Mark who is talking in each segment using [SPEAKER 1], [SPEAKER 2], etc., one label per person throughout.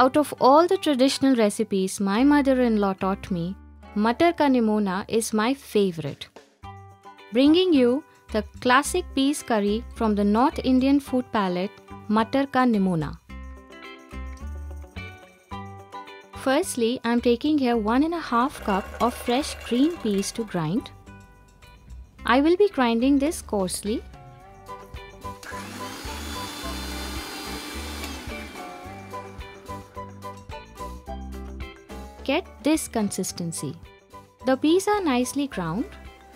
[SPEAKER 1] Out of all the traditional recipes my mother in law taught me, Matar ka nimona is my favorite. Bringing you the classic peas curry from the North Indian food palette, Matar ka nimona. Firstly, I'm taking here one and a half cup of fresh green peas to grind. I will be grinding this coarsely Get this consistency. The peas are nicely ground.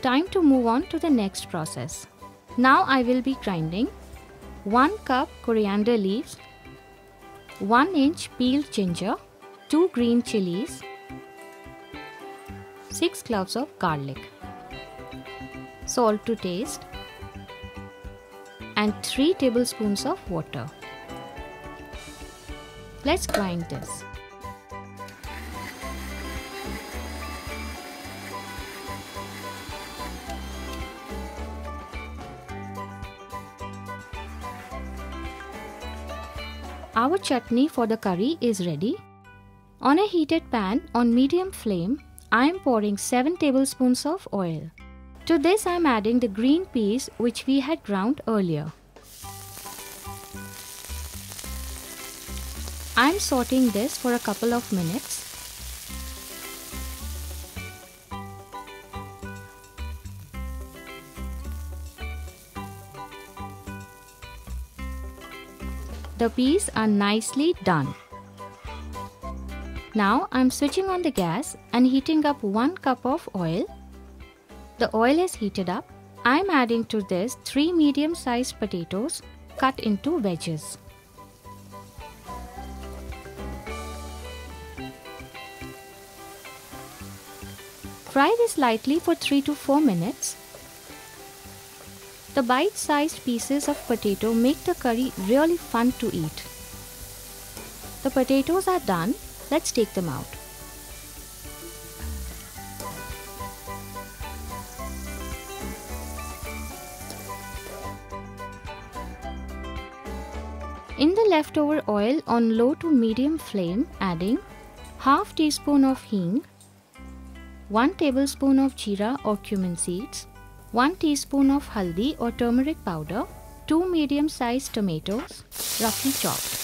[SPEAKER 1] Time to move on to the next process. Now I will be grinding 1 cup coriander leaves, 1 inch peeled ginger, 2 green chilies, 6 cloves of garlic, salt to taste, and 3 tablespoons of water. Let's grind this. Our chutney for the curry is ready. On a heated pan on medium flame, I am pouring 7 tablespoons of oil. To this I am adding the green peas which we had ground earlier. I am sorting this for a couple of minutes. The peas are nicely done. Now I'm switching on the gas and heating up 1 cup of oil. The oil is heated up. I'm adding to this 3 medium sized potatoes cut into wedges. Fry this lightly for 3 to 4 minutes the bite-sized pieces of potato make the curry really fun to eat. The potatoes are done, let's take them out. In the leftover oil on low to medium flame, adding half teaspoon of hing, 1 tablespoon of jeera or cumin seeds, 1 teaspoon of haldi or turmeric powder, 2 medium-sized tomatoes, roughly chopped.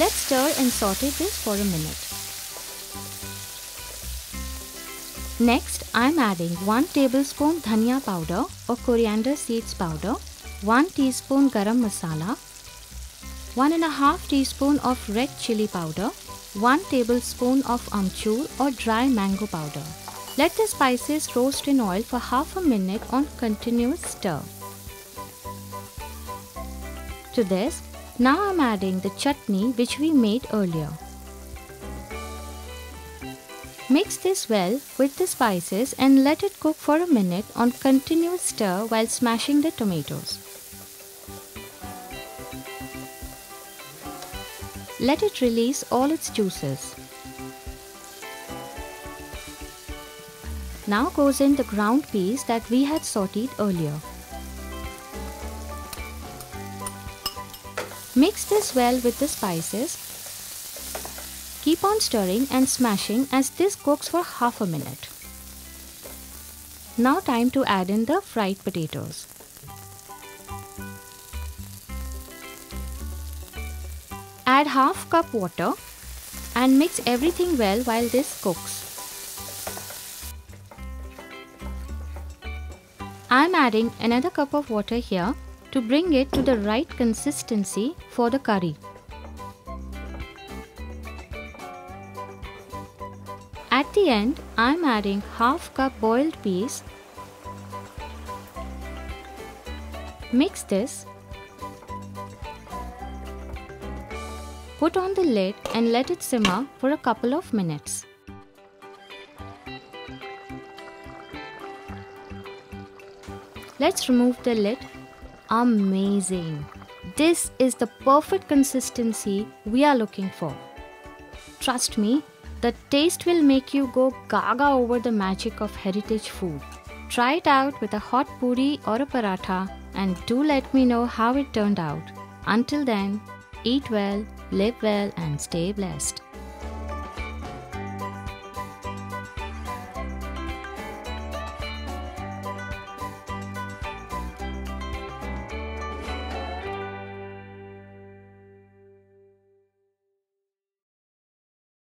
[SPEAKER 1] Let's stir and saute this for a minute. Next, I'm adding 1 tablespoon dhania powder or coriander seeds powder, 1 teaspoon garam masala, 1 and a half teaspoon of red chili powder, 1 tablespoon of amchur or dry mango powder. Let the spices roast in oil for half a minute on continuous stir. To this, now I'm adding the chutney which we made earlier. Mix this well with the spices and let it cook for a minute on continuous stir while smashing the tomatoes. Let it release all its juices. Now goes in the ground peas that we had sauteed earlier. Mix this well with the spices. Keep on stirring and smashing as this cooks for half a minute. Now time to add in the fried potatoes. Add half cup water and mix everything well while this cooks. I'm adding another cup of water here to bring it to the right consistency for the curry. At the end, I'm adding half cup boiled peas. Mix this. Put on the lid and let it simmer for a couple of minutes. Let's remove the lid. Amazing! This is the perfect consistency we are looking for. Trust me, the taste will make you go gaga over the magic of heritage food. Try it out with a hot puri or a paratha and do let me know how it turned out. Until then, eat well, live well, and stay blessed.